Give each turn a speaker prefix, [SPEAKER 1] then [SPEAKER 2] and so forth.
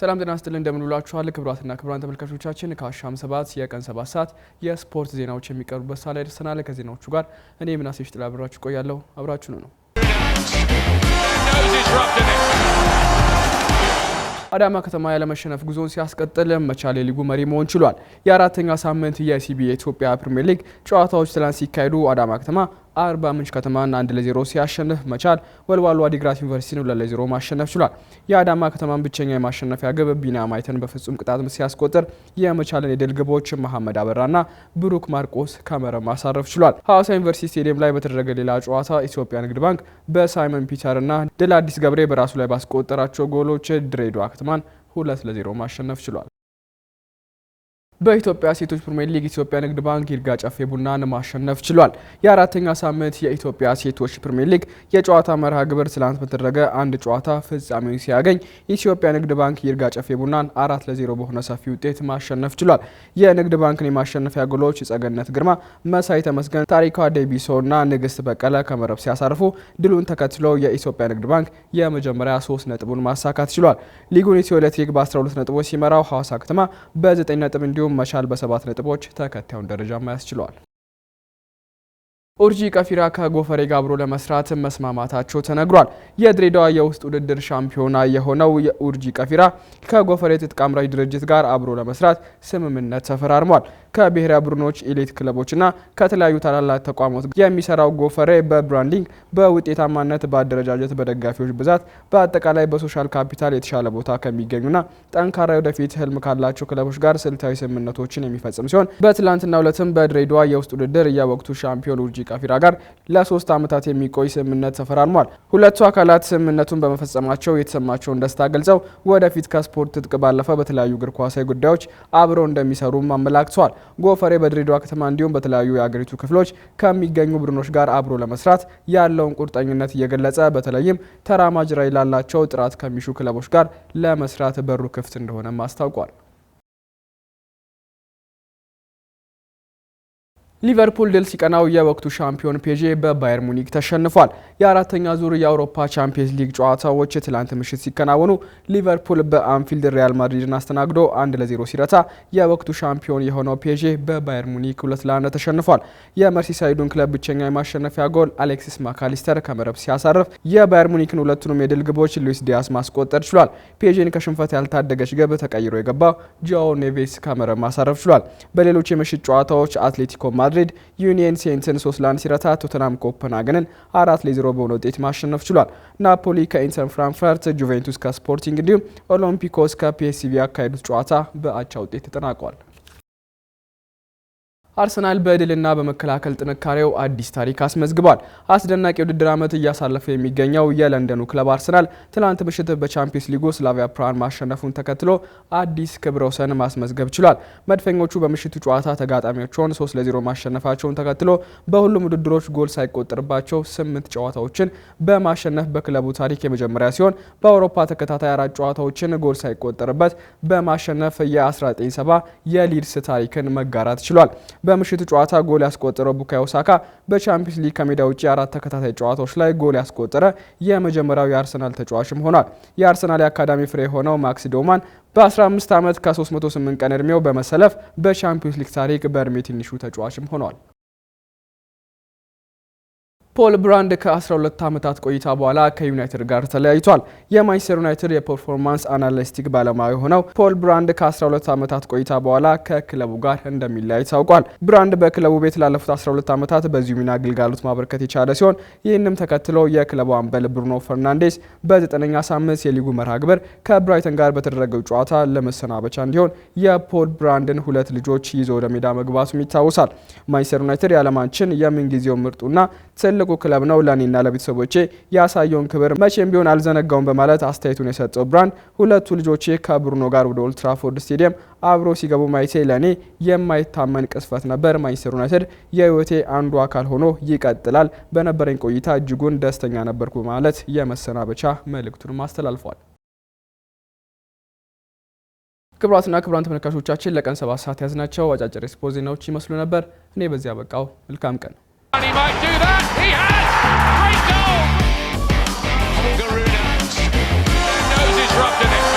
[SPEAKER 1] ሰላም ጤና ስጥል እንደምንውላችኋል ክብራትና ክብራን ተመልካቾቻችን ከአሻም ሰባት የቀን ሰባት ሰዓት የስፖርት ዜናዎች የሚቀርቡበት ሰዓት ላይ ደርሰናል። ከዜናዎቹ ጋር እኔ ምናሴ ሽጥላ አብራችሁ ቆያለሁ። አብራችሁ ነው። አዳማ ከተማ ያለመሸነፍ ጉዞን ሲያስቀጥል መቻል የሊጉ መሪ መሆን ችሏል። የአራተኛ ሳምንት የሲቢ የኢትዮጵያ ፕሪምየር ሊግ ጨዋታዎች ትላንት ሲካሄዱ አዳማ ከተማ አርባ ምንጭ ከተማን አንድ ለዜሮ ሲያሸንፍ መቻል ወልዋሎ አዲግራት ዩኒቨርሲቲን ሁለት ለዜሮ ማሸነፍ ችሏል። የአዳማ ከተማን ብቸኛ የማሸነፊያ ግብ ቢና ማይተን በፍጹም ቅጣት ምት ሲያስቆጥር የመቻልን የድል ግቦች መሐመድ አበራና ብሩክ ማርቆስ ከመረብ ማሳረፍ ችሏል። ሐዋሳ ዩኒቨርሲቲ ስቴዲየም ላይ በተደረገ ሌላ ጨዋታ ኢትዮጵያ ንግድ ባንክ በሳይመን ፒተርና ድል አዲስ ገብሬ በራሱ ላይ ባስቆጠራቸው ጎሎች ድሬዳዋ ከተማን ሁለት ለዜሮ ማሸነፍ ችሏል። በኢትዮጵያ ሴቶች ፕሪሚየር ሊግ ኢትዮጵያ ንግድ ባንክ ይርጋ ጨፌ ቡናን ማሸነፍ ችሏል። የአራተኛ ሳምንት የኢትዮጵያ ሴቶች ፕሪሚየር ሊግ የጨዋታ መርሃ ግብር ትላንት በተደረገ አንድ ጨዋታ ፍጻሜውን ሲያገኝ ኢትዮጵያ ንግድ ባንክ ይርጋ ጨፌ ቡናን አራት ለዜሮ በሆነ ሰፊ ውጤት ማሸነፍ ችሏል። የንግድ ባንክን የማሸነፊያ ጎሎች ጸገነት ግርማ፣ መሳይ ተመስገን፣ ታሪኳ ደቢሶና ንግስት በቀለ ከመረብ ሲያሳርፉ ድሉን ተከትሎ የኢትዮጵያ ንግድ ባንክ የመጀመሪያ ሶስት ነጥቡን ማሳካት ችሏል። ሊጉን ኢትዮ ኤሌክትሪክ በ12 ነጥቦች ሲመራው ሐዋሳ ከተማ በ9 ነጥብ እንዲሁም እንዲሁም መቻል በሰባት ነጥቦች ተከታዩን ደረጃ ማያስችለዋል። ኦርጂ ቀፊራ ከጎፈሬ ጋር አብሮ ለመስራት መስማማታቸው ተነግሯል። የድሬዳዋ የውስጥ ውድድር ሻምፒዮና የሆነው የኦርጂ ቀፊራ ከጎፈሬ ትጥቅ አምራች ድርጅት ጋር አብሮ ለመስራት ስምምነት ተፈራርሟል። ከብሔራዊ ቡድኖች ኤሊት ክለቦችና ከተለያዩ ታላላቅ ተቋማት የሚሰራው ጎፈሬ በብራንዲንግ፣ በውጤታማነት፣ በአደረጃጀት፣ በደጋፊዎች ብዛት፣ በአጠቃላይ በሶሻል ካፒታል የተሻለ ቦታ ከሚገኙና ጠንካራ ወደፊት ህልም ካላቸው ክለቦች ጋር ስልታዊ ስምምነቶችን የሚፈጽም ሲሆን በትላንትናው ዕለትም በድሬዳዋ የውስጥ ውድድር የወቅቱ ሻምፒዮን ኡርጂ ካፊራ ጋር ለሶስት ዓመታት የሚቆይ ስምምነት ተፈራርሟል። ሁለቱ አካላት ስምምነቱን በመፈጸማቸው የተሰማቸውን ደስታ ገልጸው ወደፊት ከስፖርት ትጥቅ ባለፈ በተለያዩ እግር ኳሳዊ ጉዳዮች አብረው እንደሚሰሩም አመላክተዋል። ጎፈሬ በድሬዳዋ ከተማ እንዲሁም በተለያዩ የአገሪቱ ክፍሎች ከሚገኙ ቡድኖች ጋር አብሮ ለመስራት ያለውን ቁርጠኝነት እየገለጸ በተለይም ተራማጅ ራዕይ ላላቸው ጥራት ከሚሹ ክለቦች ጋር ለመስራት በሩ ክፍት እንደሆነም አስታውቋል። ሊቨርፑል ድል ሲቀናው የወቅቱ ሻምፒዮን ፔዤ በባየር ሙኒክ ተሸንፏል። የአራተኛ ዙር የአውሮፓ ቻምፒየንስ ሊግ ጨዋታዎች ትላንት ምሽት ሲከናወኑ ሊቨርፑል በአንፊልድ ሪያል ማድሪድን አስተናግዶ አንድ ለዜሮ ሲረታ የወቅቱ ሻምፒዮን የሆነው ፔዤ በባየር ሙኒክ ሁለት ለአንድ ተሸንፏል። የመርሲሳይዱን ክለብ ብቸኛ የማሸነፊያ ጎል አሌክሲስ ማካሊስተር ከመረብ ሲያሳርፍ የባየር ሙኒክን ሁለቱንም የድል ግቦች ሉዊስ ዲያስ ማስቆጠር ችሏል። ፔዤን ከሽንፈት ያልታደገች ግብ ተቀይሮ የገባው ጆኦ ኔቬስ ከመረብ ማሳረፍ ችሏል። በሌሎች የምሽት ጨዋታዎች አትሌቲኮ ማድሪድ ዩኒየን ሴንትን 3 ለ1 ሲረታ ቶተናም ኮፐንሃገንን አራት ለዜሮ በሆነ ውጤት ማሸነፍ ችሏል። ናፖሊ ከኢንተር ፍራንክፈርት፣ ጁቬንቱስ ከስፖርቲንግ እንዲሁም ኦሎምፒኮስ ከፒኤስቪ ያካሄዱት ጨዋታ በአቻ ውጤት ተጠናቋል። አርሰናል በድልና በመከላከል ጥንካሬው አዲስ ታሪክ አስመዝግቧል። አስደናቂ የውድድር ዓመት እያሳለፈ የሚገኘው የለንደኑ ክለብ አርሰናል ትላንት ምሽት በቻምፒየንስ ሊጉ ስላቪያ ፕራን ማሸነፉን ተከትሎ አዲስ ክብረ ወሰን ማስመዝገብ ችሏል። መድፈኞቹ በምሽቱ ጨዋታ ተጋጣሚዎችን 3 ለ0 ማሸነፋቸውን ተከትሎ በሁሉም ውድድሮች ጎል ሳይቆጠርባቸው ስምንት ጨዋታዎችን በማሸነፍ በክለቡ ታሪክ የመጀመሪያ ሲሆን በአውሮፓ ተከታታይ አራት ጨዋታዎችን ጎል ሳይቆጠርበት በማሸነፍ የ1970 የሊድስ ታሪክን መጋራት ችሏል። በምሽቱ ጨዋታ ጎል ያስቆጠረው ቡካዮ ሳካ በቻምፒየንስ ሊግ ከሜዳ ውጭ አራት ተከታታይ ጨዋታዎች ላይ ጎል ያስቆጠረ የመጀመሪያው የአርሰናል ተጫዋችም ሆኗል። የአርሰናል የአካዳሚ ፍሬ የሆነው ማክስ ዶማን በ15 ዓመት ከ308 ቀን ዕድሜው በመሰለፍ በቻምፒየንስ ሊግ ታሪክ በእድሜ ትንሹ ተጫዋችም ሆኗል። ፖል ብራንድ ከ12 ዓመታት ቆይታ በኋላ ከዩናይትድ ጋር ተለያይቷል። የማንቸስተር ዩናይትድ የፐርፎርማንስ አናሊስቲክ ባለሙያ የሆነው ፖል ብራንድ ከ12 ዓመታት ቆይታ በኋላ ከክለቡ ጋር እንደሚለያይ ታውቋል። ብራንድ በክለቡ ቤት ላለፉት 12 ዓመታት በዚሁ ሚና አገልግሎት ማበርከት የቻለ ሲሆን ይህንም ተከትሎ የክለቡ አምበል ብሩኖ ፈርናንዴስ በዘጠነኛ ሳምንት የሊጉ መርሃ ግብር ከብራይተን ጋር በተደረገው ጨዋታ ለመሰናበቻ እንዲሆን የፖል ብራንድን ሁለት ልጆች ይዞ ወደ ሜዳ መግባቱም ይታወሳል። ማንቸስተር ዩናይትድ የዓለማችን የምንጊዜው ምርጡና ትልቁ ትልቁ ክለብ ነው። ለእኔና ለቤተሰቦቼ ያሳየውን ክብር መቼም ቢሆን አልዘነጋውም በማለት አስተያየቱን የሰጠው ብራን ሁለቱ ልጆቼ ከብሩኖ ጋር ወደ ኦልትራፎርድ ስቴዲየም አብሮ ሲገቡ ማየቴ ለእኔ የማይታመን ቅስፈት ነበር። ማንችስተር ዩናይትድ የህይወቴ አንዱ አካል ሆኖ ይቀጥላል። በነበረኝ ቆይታ እጅጉን ደስተኛ ነበርኩ በማለት የመሰናበቻ መልእክቱን አስተላልፏል። ክቡራትና ክቡራን ተመልካቾቻችን ለቀን ሰባት ሰዓት ያዝናቸው አጫጭር ስፖርት ዜናዎች ይመስሉ ነበር። እኔ በዚያ በቃው። መልካም ቀን He has! Great goal! Garuda, nose is in it.